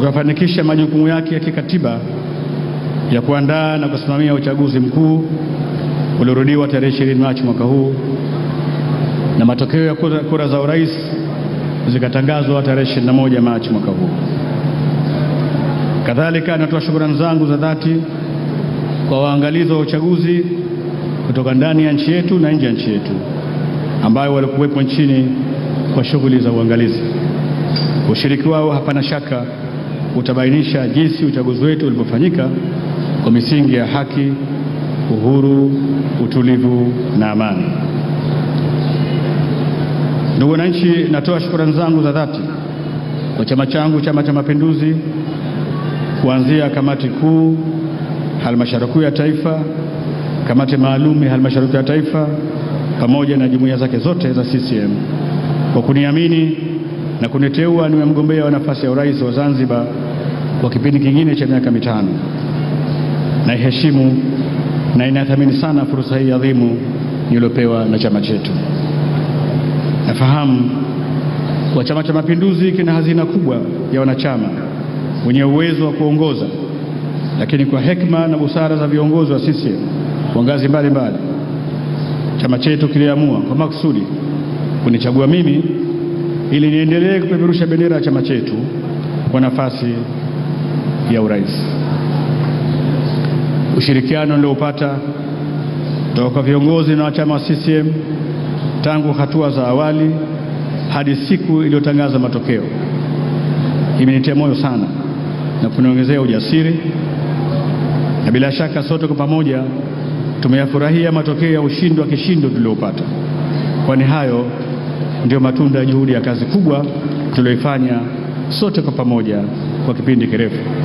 kukafanikisha majukumu yake ya kikatiba ya kuandaa na kusimamia uchaguzi mkuu uliorudiwa tarehe 20 Machi mwaka huu na matokeo ya kura, kura za urais zikatangazwa tarehe 21 Machi mwaka huu. Kadhalika, natoa shukrani zangu za dhati kwa waangalizi wa uchaguzi kutoka ndani ya nchi yetu na nje ya nchi yetu ambayo walikuwepo nchini kwa shughuli za uangalizi. Ushiriki wao hapana shaka utabainisha jinsi uchaguzi wetu ulivyofanyika kwa misingi ya haki, uhuru, utulivu na amani. Ndugu wananchi, natoa shukrani zangu za dhati kwa chama changu, Chama cha Mapinduzi, kuanzia kamati kuu halmashauri kuu ya taifa, kamati maalum ya halmashauri kuu ya taifa, pamoja na jumuiya zake zote za CCM kwa kuniamini na kuniteua niwe mgombea wa nafasi ya urais wa Zanzibar kwa kipindi kingine cha miaka mitano. Naiheshimu na inathamini sana fursa hii adhimu niliyopewa na chama chetu. Nafahamu kwa Chama cha Mapinduzi kina hazina kubwa ya wanachama wenye uwezo wa kuongoza, lakini kwa hekima na busara za viongozi wa CCM wa ngazi mbalimbali, chama chetu kiliamua kwa makusudi kunichagua mimi ili niendelee kupeperusha bendera ya chama chetu kwa nafasi ya urais. Ushirikiano niliopata kutoka kwa viongozi na wachama wa CCM tangu hatua za awali hadi siku iliyotangaza matokeo imenitia moyo sana na kuniongezea ujasiri, na bila shaka sote kwa pamoja tumeyafurahia matokeo ya ushindi wa kishindo tuliopata, kwani hayo ndiyo matunda ya juhudi ya kazi kubwa tuliyoifanya sote kwa pamoja kwa kipindi kirefu.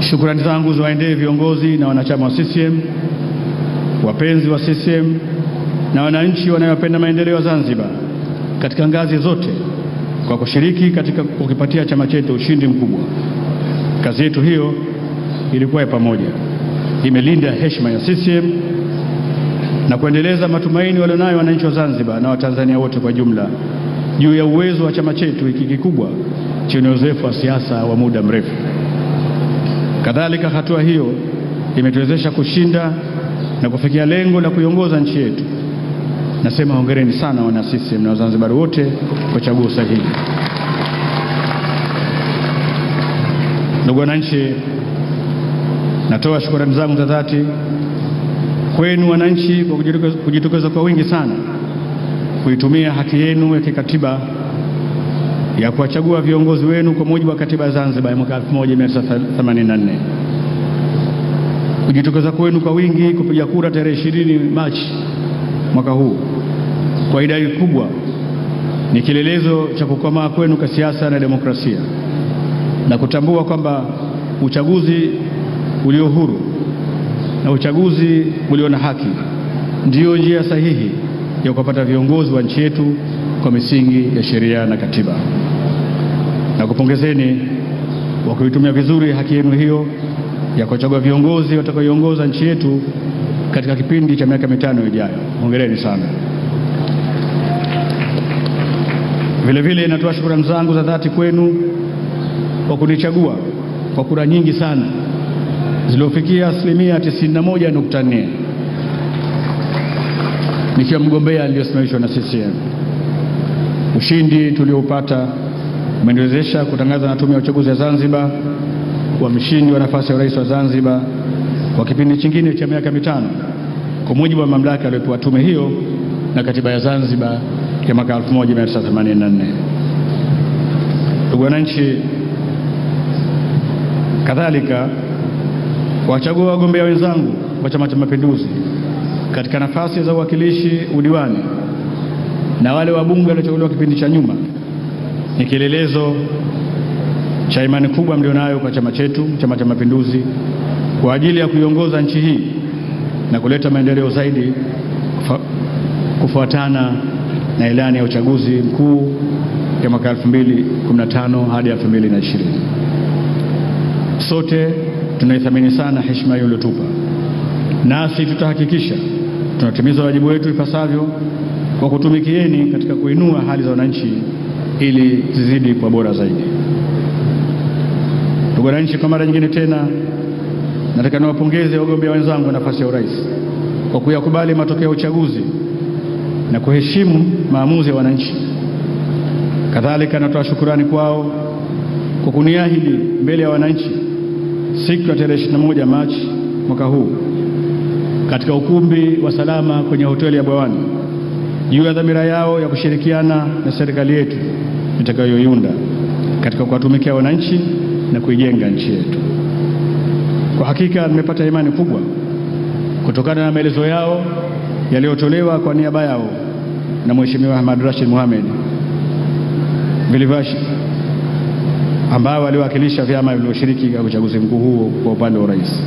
Shukrani zangu ziwaendee viongozi na wanachama wa CCM, wapenzi wa CCM na wananchi wanayopenda maendeleo ya Zanzibar katika ngazi zote kwa kushiriki katika kukipatia chama chetu ushindi mkubwa. Kazi yetu hiyo ilikuwa ya pamoja, imelinda heshima ya CCM na kuendeleza matumaini walionayo wananchi wa Zanzibar na Watanzania wote kwa jumla juu ya uwezo wa chama chetu hiki kikubwa chenye uzoefu wa siasa wa muda mrefu. Kadhalika, hatua hiyo imetuwezesha kushinda na kufikia lengo la kuiongoza nchi yetu. Nasema hongereni sana wana CCM na Wazanzibari wote kwa chaguo sahihi. Ndugu wananchi, natoa shukrani zangu za dhati kwenu wananchi kwa kujitokeza kwa wingi sana kuitumia haki yenu ya kikatiba ya kuwachagua viongozi wenu kwa mujibu wa katiba ya Zanzibar ya mwaka 1984. Kujitokeza kwenu kwa wingi kupiga kura tarehe 20 Machi mwaka huu kwa idadi kubwa ni kielelezo cha kukomaa kwenu kwa siasa na demokrasia na kutambua kwamba uchaguzi ulio huru na uchaguzi ulio na haki ndiyo njia sahihi ya kupata viongozi wa nchi yetu kwa misingi ya sheria na katiba. Nakupongezeni kwa kuitumia vizuri haki yenu hiyo ya kuchagua viongozi watakaoiongoza nchi yetu katika kipindi cha miaka mitano ijayo. Hongereni sana. Vile vile natoa shukrani zangu za dhati kwenu kwa kunichagua kwa kura nyingi sana zilizofikia asilimia 91.4 nikiwa mgombea aliyosimamishwa na CCM. Ushindi tulioupata umeniwezesha kutangaza na Tume ya Uchaguzi ya Zanzibar kuwa mshindi wa nafasi ya urais wa Zanzibar kwa kipindi chingine cha miaka mitano kwa mujibu wa mamlaka aliyopewa tume hiyo na katiba ya Zanzibar ya mwaka 1984. Ndugu wananchi, kadhalika wachagua wagombea wenzangu wa Chama cha Mapinduzi katika nafasi za uwakilishi, udiwani na wale wabunge waliochaguliwa kipindi cha nyuma ni kielelezo cha imani kubwa mlionayo kwa chama chetu, Chama cha Mapinduzi, kwa ajili ya kuiongoza nchi hii na kuleta maendeleo zaidi kufa, kufuatana na ilani ya uchaguzi mkuu ya mwaka 2015 hadi 2020. Sote tunaithamini sana heshima hiyo uliotupa, nasi tutahakikisha tunatimiza wajibu wetu ipasavyo kwa kutumikieni katika kuinua hali za wananchi ili zizidi kwa bora zaidi. Ndugu wananchi, kwa mara nyingine tena nataka niwapongeze wagombea wenzangu nafasi ya urais kwa kuyakubali matokeo ya uchaguzi na kuheshimu maamuzi ya wananchi. Kadhalika natoa shukurani kwao kwa kuniahidi mbele ya wananchi siku ya tarehe 21 Machi mwaka huu katika ukumbi wa Salama kwenye hoteli ya Bwawani juu ya dhamira yao ya kushirikiana na serikali yetu nitakayoiunda katika kuwatumikia wananchi na kuijenga nchi yetu. Kwa hakika nimepata imani kubwa kutokana na maelezo yao yaliyotolewa kwa niaba yao na Mheshimiwa Ahmad Rashid Mohamed Vilivashi, ambao waliwakilisha vyama vilivyoshiriki katika uchaguzi mkuu huo kwa upande wa urais.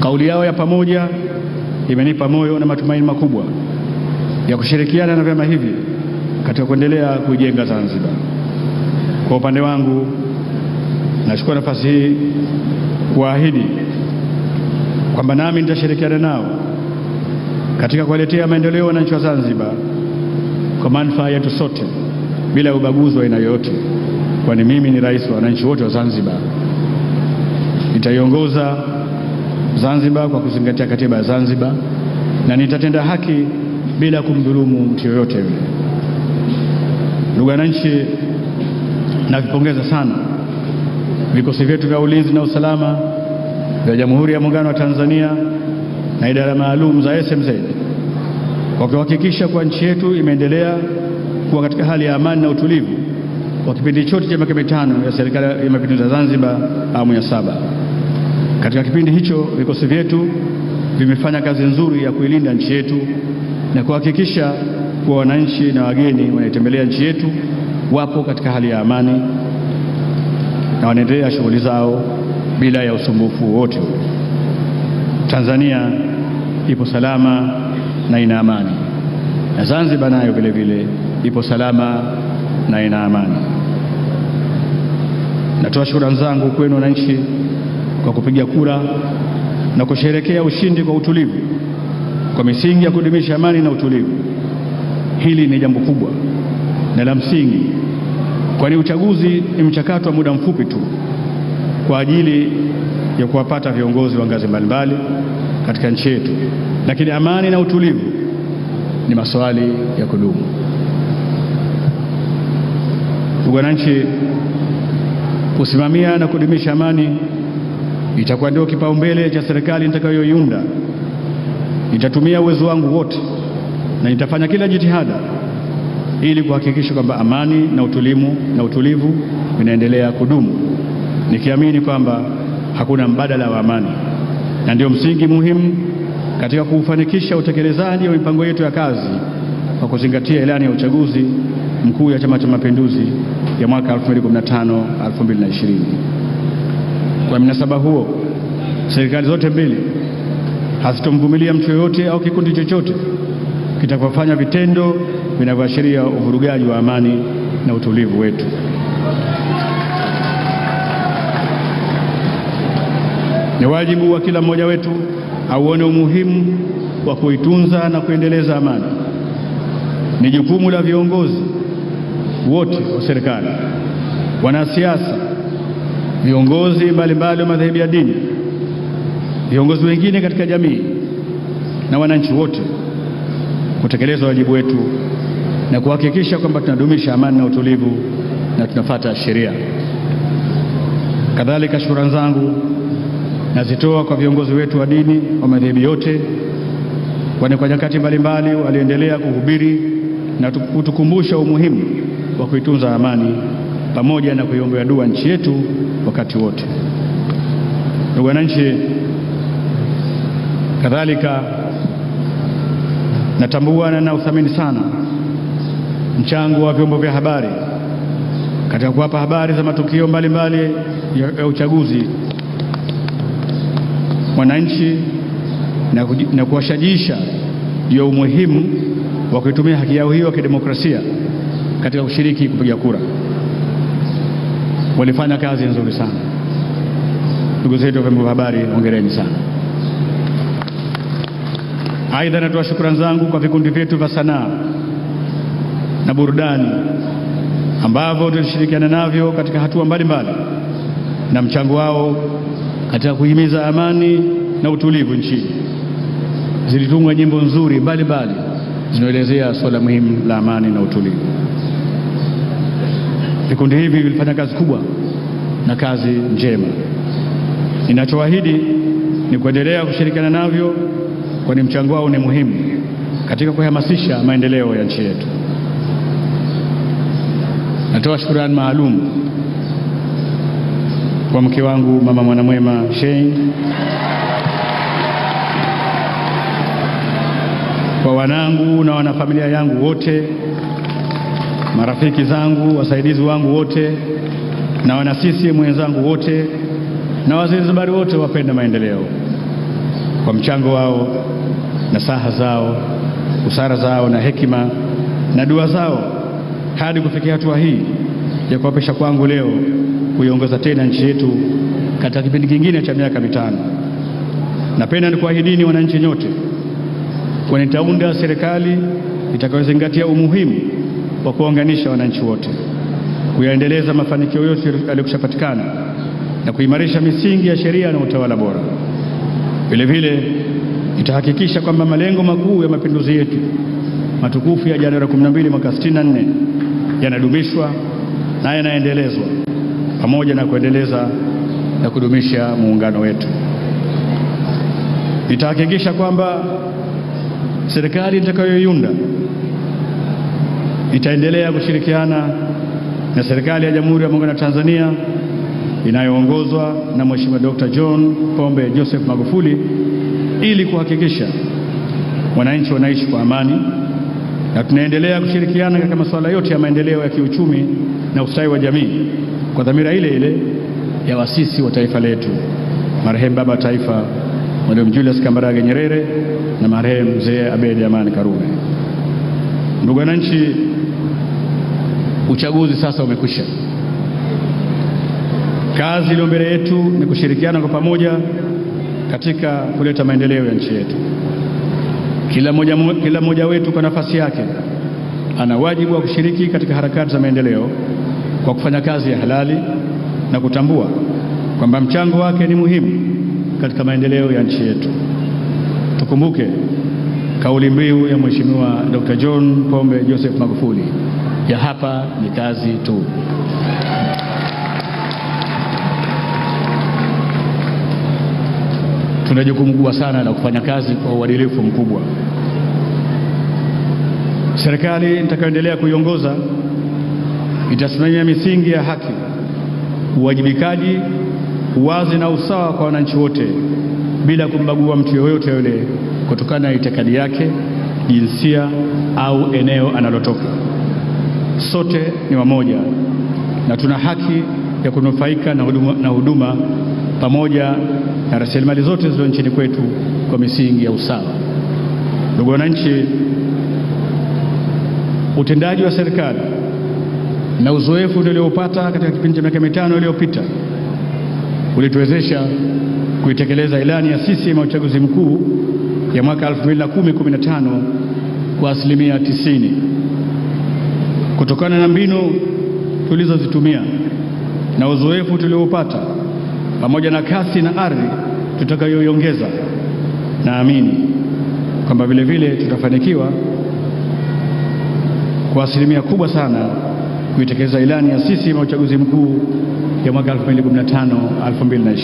Kauli yao ya pamoja imenipa moyo na matumaini makubwa ya kushirikiana na vyama hivi katika kuendelea kuijenga Zanzibar. Kwa upande wangu, nachukua nafasi hii kuahidi kwamba nami nitashirikiana nao katika kuwaletea maendeleo wananchi wa Zanzibar kwa manufaa yetu sote bila ya ubaguzi wa aina yoyote, kwani mimi ni rais wa wananchi wote wa Zanzibar. Nitaiongoza Zanzibar kwa kuzingatia katiba ya Zanzibar na nitatenda haki bila kumdhulumu mtu yoyote yule. Ndugu wananchi, navipongeza sana vikosi vyetu vya ulinzi na usalama vya Jamhuri ya Muungano wa Tanzania na idara maalum za SMZ kwa kuhakikisha kuwa nchi yetu imeendelea kuwa katika hali ya amani na utulivu kwa kipindi chote cha miaka mitano ya Serikali ya Mapinduzi ya Zanzibar awamu ya saba. Katika kipindi hicho vikosi vyetu vimefanya kazi nzuri ya kuilinda nchi yetu na kuhakikisha kwa wananchi na wageni wanaitembelea nchi yetu wapo katika hali ya amani na wanaendelea shughuli zao bila ya usumbufu wote. Tanzania ipo salama na ina amani, na Zanzibar nayo vile vile ipo salama na ina amani. Natoa shukrani zangu kwenu wananchi kwa kupiga kura na kusherekea ushindi kwa utulivu, kwa misingi ya kudumisha amani na utulivu. Hili ni jambo kubwa na la msingi, kwani uchaguzi ni mchakato wa muda mfupi tu kwa ajili ya kuwapata viongozi wa ngazi mbalimbali katika nchi yetu, lakini amani na utulivu ni maswali ya kudumu. Ndugu wananchi, kusimamia na kudumisha amani itakuwa ndio kipaumbele cha serikali nitakayoiunda. Nitatumia uwezo wangu wote na nitafanya kila jitihada ili kuhakikisha kwamba amani na utulimu na utulivu vinaendelea kudumu, nikiamini kwamba hakuna mbadala wa amani na ndio msingi muhimu katika kuufanikisha utekelezaji wa mipango yetu ya kazi kwa kuzingatia ilani ya uchaguzi mkuu ya Chama cha Mapinduzi ya mwaka 2015 2020. Kwa mnasaba huo, serikali zote mbili hazitomvumilia mtu yoyote au kikundi chochote kitakofanya vitendo vinavyoashiria uvurugaji wa amani na utulivu wetu. Ni wajibu wa kila mmoja wetu auone umuhimu wa kuitunza na kuendeleza amani. Ni jukumu la viongozi wote wa serikali, wanasiasa, viongozi mbalimbali wa madhehebu ya dini, viongozi wengine katika jamii na wananchi wote kutekeleza wajibu wetu na kuhakikisha kwamba tunadumisha amani na utulivu na tunafata sheria. Kadhalika, shukrani zangu nazitoa kwa viongozi wetu wa dini wa madhehebu yote, kwani kwa nyakati mbalimbali waliendelea kuhubiri na kutukumbusha umuhimu wa kuitunza amani pamoja na kuiombea dua nchi yetu wakati wote. Ndugu wananchi, kadhalika Natambua na nauthamini sana mchango wa vyombo vya habari katika kuwapa habari za matukio mbalimbali mbali ya uchaguzi wananchi na, na kuwashajiisha juu ya umuhimu wa kuitumia haki yao hiyo ya kidemokrasia katika kushiriki kupiga kura. Walifanya kazi nzuri sana ndugu zetu wa vyombo vya habari, hongereni sana. Aidha, natoa shukrani zangu kwa vikundi vyetu vya sanaa na burudani ambavyo tulishirikiana navyo katika hatua mbalimbali na mchango wao katika kuhimiza amani na utulivu nchini. Zilitungwa nyimbo nzuri mbalimbali zinaelezea suala muhimu la amani na utulivu. Vikundi hivi vilifanya kazi kubwa na kazi njema. Ninachoahidi ni kuendelea kushirikiana navyo kwani mchango wao ni muhimu katika kuhamasisha maendeleo ya nchi yetu. Natoa shukrani maalum kwa mke wangu mama Mwanamwema Shein, kwa wanangu na wanafamilia yangu wote, marafiki zangu, wasaidizi wangu wote, na wana CCM wenzangu wote, na Wazanzibari wote wapenda maendeleo kwa mchango wao na saha zao, busara zao na hekima na dua zao hadi kufikia hatua hii ya kuapesha kwangu leo kuiongoza tena nchi yetu katika kipindi kingine cha miaka mitano. Napenda nikuahidini wananchi nyote kuwa nitaunda serikali itakayozingatia umuhimu wa kuwaunganisha wananchi wote, kuyaendeleza mafanikio yote yaliyokushapatikana na kuimarisha misingi ya sheria na utawala bora. Vile vile itahakikisha kwamba malengo makuu ya mapinduzi yetu matukufu ya Januari 12 mwaka 64 yanadumishwa na yanaendelezwa pamoja na kuendeleza na kudumisha muungano wetu. Itahakikisha kwamba serikali itakayoiunda itaendelea kushirikiana na serikali ya Jamhuri ya Muungano wa Tanzania inayoongozwa na Mheshimiwa Dr. John Pombe Joseph Magufuli ili kuhakikisha wananchi wanaishi kwa amani na tunaendelea kushirikiana katika masuala yote ya maendeleo ya kiuchumi na ustawi wa jamii kwa dhamira ile ile ya wasisi wa taifa letu marehemu baba wa taifa Mwalimu Julius Kambarage Nyerere na marehemu mzee Abedi Amani Karume. Ndugu wananchi, uchaguzi sasa umekwisha. Kazi iliyo mbele yetu ni kushirikiana kwa pamoja katika kuleta maendeleo ya nchi yetu. Kila mmoja kila mmoja wetu kwa nafasi yake ana wajibu wa kushiriki katika harakati za maendeleo kwa kufanya kazi ya halali na kutambua kwamba mchango wake ni muhimu katika maendeleo ya nchi yetu. Tukumbuke kauli mbiu ya Mheshimiwa Dr. John Pombe Joseph Magufuli ya hapa ni kazi tu. tuna jukumu kubwa sana la kufanya kazi kwa uadilifu mkubwa. Serikali nitakayoendelea kuiongoza itasimamia misingi ya haki, uwajibikaji, uwazi na usawa kwa wananchi wote bila kumbagua mtu yoyote yule kutokana na itikadi yake, jinsia au eneo analotoka. Sote ni wamoja na tuna haki ya kunufaika na huduma, na huduma pamoja na rasilimali zote zilizo nchini kwetu kwa misingi ya usawa. Ndugu wananchi, utendaji wa serikali na uzoefu tuliopata katika kipindi cha miaka mitano iliyopita ulituwezesha kuitekeleza ilani ya CCM ya uchaguzi mkuu ya mwaka 2010-2015 kwa asilimia 90 kutokana na mbinu tulizozitumia na uzoefu tulioupata pamoja na kasi na ardhi tutakayoiongeza, naamini kwamba vile vile tutafanikiwa kwa asilimia kubwa sana kuitekeleza ilani ya CCM ya uchaguzi mkuu ya mwaka 2015 2020.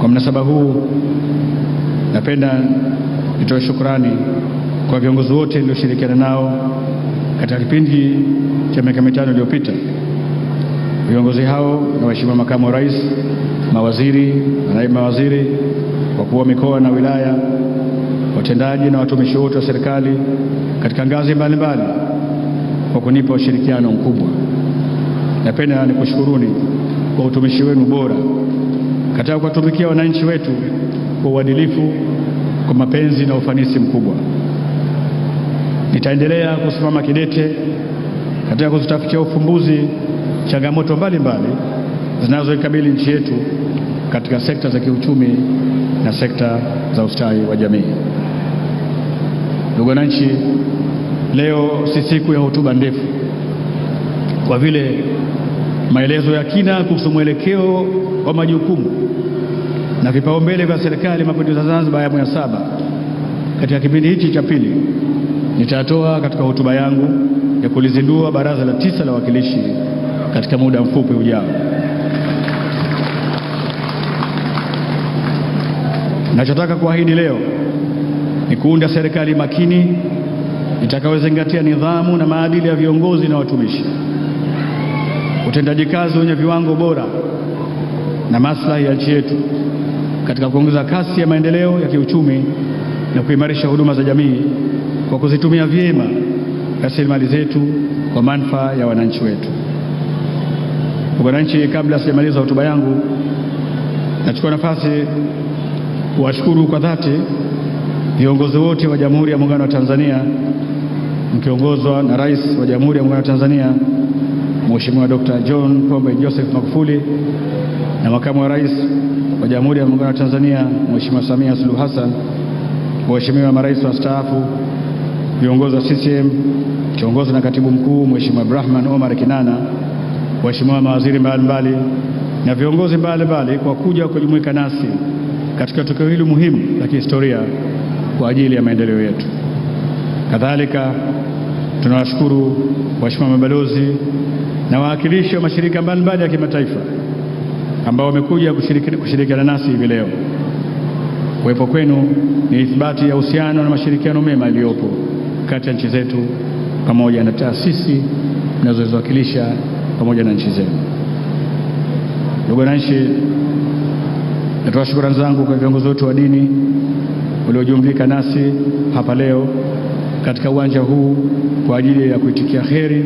Kwa mnasaba huu, napenda nitoe shukrani kwa viongozi wote nilioshirikiana nao katika kipindi cha miaka mitano iliyopita. Viongozi hao ni Mheshimiwa Makamu wa Rais, mawaziri naibu mawaziri, wakuu wa mikoa na wilaya, watendaji na watumishi wote wa serikali katika ngazi mbalimbali kwa kunipa ushirikiano mkubwa. Napenda nikushukuruni kwa utumishi wenu bora katika kuwatumikia wananchi wetu kwa uadilifu, kwa mapenzi na ufanisi mkubwa. Nitaendelea kusimama kidete katika kuzitafutia ufumbuzi changamoto mbalimbali zinazoikabili nchi yetu katika sekta za kiuchumi na sekta za ustawi wa jamii. Ndugu wananchi, leo si siku ya hotuba ndefu, kwa vile maelezo ya kina kuhusu mwelekeo wa majukumu na vipaumbele vya Serikali ya Mapinduzi ya Zanzibar awamu ya saba katika kipindi hichi cha pili nitatoa katika hotuba yangu ya kulizindua Baraza la Tisa la Wawakilishi katika muda mfupi ujao. Nachotaka kuahidi leo ni kuunda serikali makini itakayozingatia nidhamu na maadili ya viongozi na watumishi, utendaji kazi wenye viwango bora na maslahi ya nchi yetu katika kuongeza kasi ya maendeleo ya kiuchumi na kuimarisha huduma za jamii kwa kuzitumia vyema rasilimali zetu kwa manufaa ya wananchi wetu. Wananchi, kabla sijamaliza hotuba yangu, nachukua nafasi kuwashukuru kwa dhati viongozi wote wa Jamhuri ya Muungano wa Tanzania mkiongozwa na Rais wa Jamhuri ya Muungano wa Tanzania Mheshimiwa Dr. John Pombe Joseph Magufuli na Makamu wa Rais wa Jamhuri ya Muungano wa Tanzania Mheshimiwa Samia Suluhu Hassan, Mheshimiwa marais wastaafu, viongozi wa CCM kiongozwa na Katibu Mkuu Mheshimiwa Abdulrahman Omar Kinana waheshimiwa mawaziri mbalimbali na viongozi mbalimbali kwa kuja kujumuika nasi katika tukio hili muhimu la kihistoria kwa ajili ya maendeleo yetu. Kadhalika, tunawashukuru waheshimiwa mabalozi na wawakilishi wa mashirika mbalimbali ya kimataifa ambao wamekuja kushirikiana nasi hivi leo. Kuwepo kwenu ni ithibati ya uhusiano na mashirikiano mema yaliyopo kati ya nchi zetu pamoja na taasisi zinazoziwakilisha pamoja na nchi zenu. Ndugu wananchi, natoa shukrani zangu kwa viongozi wetu wa dini waliojumlika nasi hapa leo katika uwanja huu kwa ajili ya kuitikia heri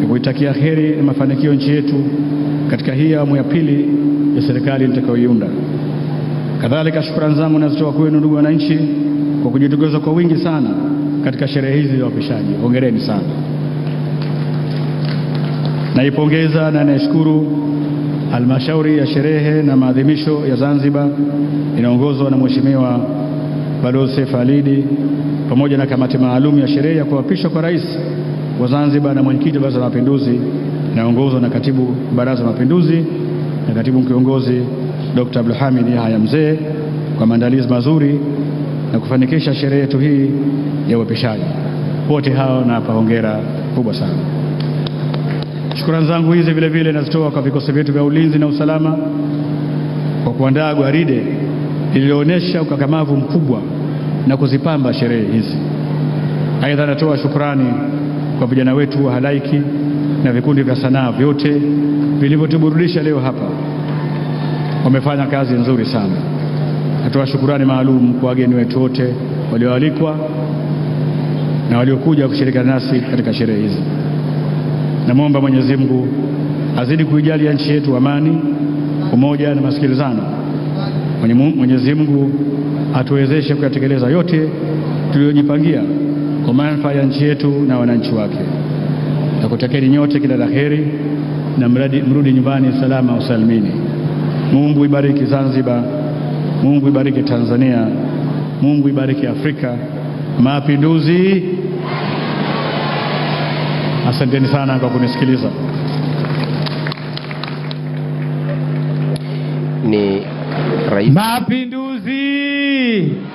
ya kuitakia heri na mafanikio nchi yetu katika hii awamu ya pili ya serikali nitakayoiunda. Kadhalika, shukrani zangu nazitoa kwenu ndugu wananchi kwa kujitokeza kwa wingi sana katika sherehe hizi za wapishaji. Hongereni sana. Naipongeza na naishukuru halmashauri ya sherehe na maadhimisho ya Zanzibar inaongozwa na Mheshimiwa Balozi Seif Alidi pamoja na kamati maalum ya sherehe ya kuapishwa kwa rais wa Zanzibar na mwenyekiti wa Baraza la Mapinduzi inayoongozwa na katibu Baraza la Mapinduzi na katibu mkiongozi Dr. Abdulhamid Yahya Mzee kwa maandalizi mazuri na kufanikisha sherehe yetu hii ya uapishaji. Wote hao nawapa hongera kubwa sana. Shukrani zangu hizi vile vile nazitoa kwa vikosi vyetu vya ulinzi na usalama kwa kuandaa gwaride lililoonyesha ukakamavu mkubwa na kuzipamba sherehe hizi. Aidha, natoa shukrani kwa vijana wetu wa halaiki na vikundi vya sanaa vyote vilivyotuburudisha leo hapa. Wamefanya kazi nzuri sana. Natoa shukurani maalum kwa wageni wetu wote walioalikwa na waliokuja kushirikiana nasi katika sherehe hizi. Namwomba Mwenyezi Mungu azidi kuijalia nchi yetu amani, umoja na masikilizano. Mwenyezi Mungu atuwezeshe kuyatekeleza yote tuliyojipangia kwa manufaa ya nchi yetu na wananchi wake. Nakutakeni nyote kila la heri na mradi mrudi nyumbani salama usalimini. Mungu ibariki Zanzibar, Mungu ibariki Tanzania, Mungu ibariki Afrika. Mapinduzi Asanteni sana kwa kunisikiliza. Ni Rais Mapinduzi.